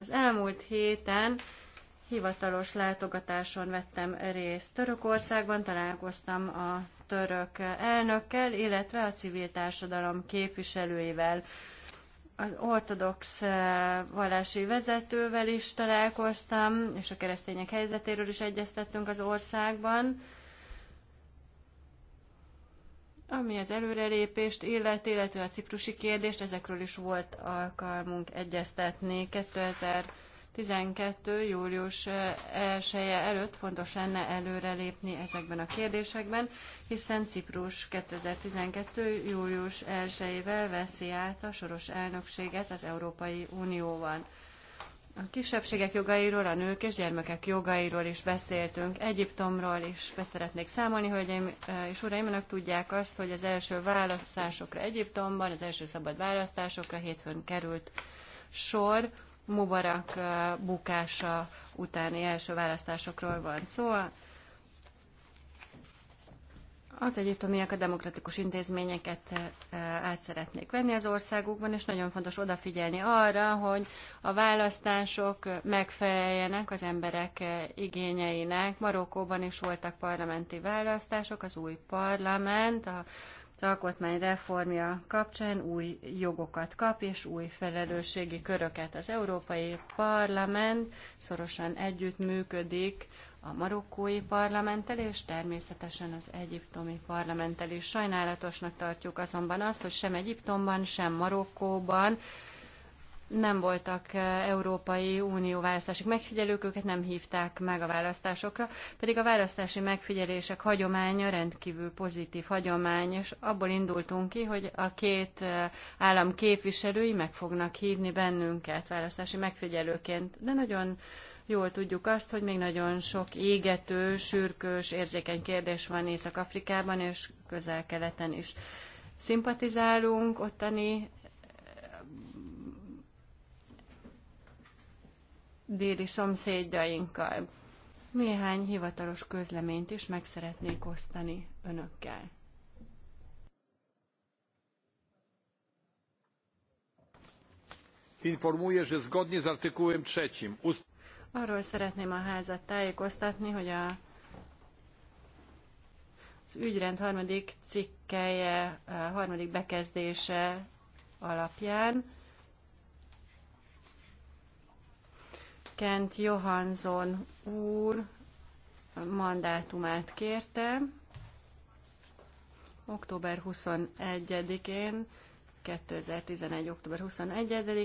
Az elmúlt héten hivatalos látogatáson vettem részt Törökországban, találkoztam a török elnökkel, illetve a civil társadalom képviselőivel. Az ortodox eh, vallási vezetővel is találkoztam, és a keresztények helyzetéről is egyeztettünk az országban. Ami az előrelépést illet, illetve a ciprusi kérdést, ezekről is volt alkalmunk egyeztetni. 2012. július 1 -e előtt fontos lenne előrelépni ezekben a kérdésekben, hiszen Ciprus 2012. július 1-ével veszi át a soros elnökséget az Európai Unióban. A kisebbségek jogairól, a nők és gyermekek jogairól is beszéltünk, Egyiptomról is beszeretnék számolni, hölgyeim és uraim, önök tudják azt, hogy az első választásokra Egyiptomban, az első szabad választásokra hétfőn került sor, Mubarak bukása utáni első választásokról van szó. Szóval az egyiptomiak a demokratikus intézményeket eh, át szeretnék venni az országukban, és nagyon fontos odafigyelni arra, hogy a választások megfeleljenek az emberek eh, igényeinek. Marokkóban is voltak parlamenti választások, az új parlament, a az alkotmány reformja kapcsán új jogokat kap és új felelősségi köröket. Az Európai Parlament szorosan együttműködik a marokkói parlamenttel és természetesen az egyiptomi parlamenttel is. Sajnálatosnak tartjuk azonban azt, hogy sem Egyiptomban, sem Marokkóban nem voltak eh, Európai Unió választási megfigyelők, őket nem hívták meg a választásokra, pedig a választási megfigyelések hagyománya rendkívül pozitív hagyomány, és abból indultunk ki, hogy a két eh, állam képviselői meg fognak hívni bennünket választási megfigyelőként, de nagyon jól tudjuk azt, hogy még nagyon sok égető, sürkős, érzékeny kérdés van Észak-Afrikában és közel-keleten is szimpatizálunk ottani déli szomszédjainkkal. Néhány hivatalos közleményt is meg szeretnék osztani önökkel. Informuje, że zgodnie z artykułem 3 ust... Arról szeretném a házat tájékoztatni, hogy a, az ügyrend harmadik cikkelje, eh, harmadik bekezdése alapján Kent Johansson úr mandátumát kérte október 21-én, 2011. október 21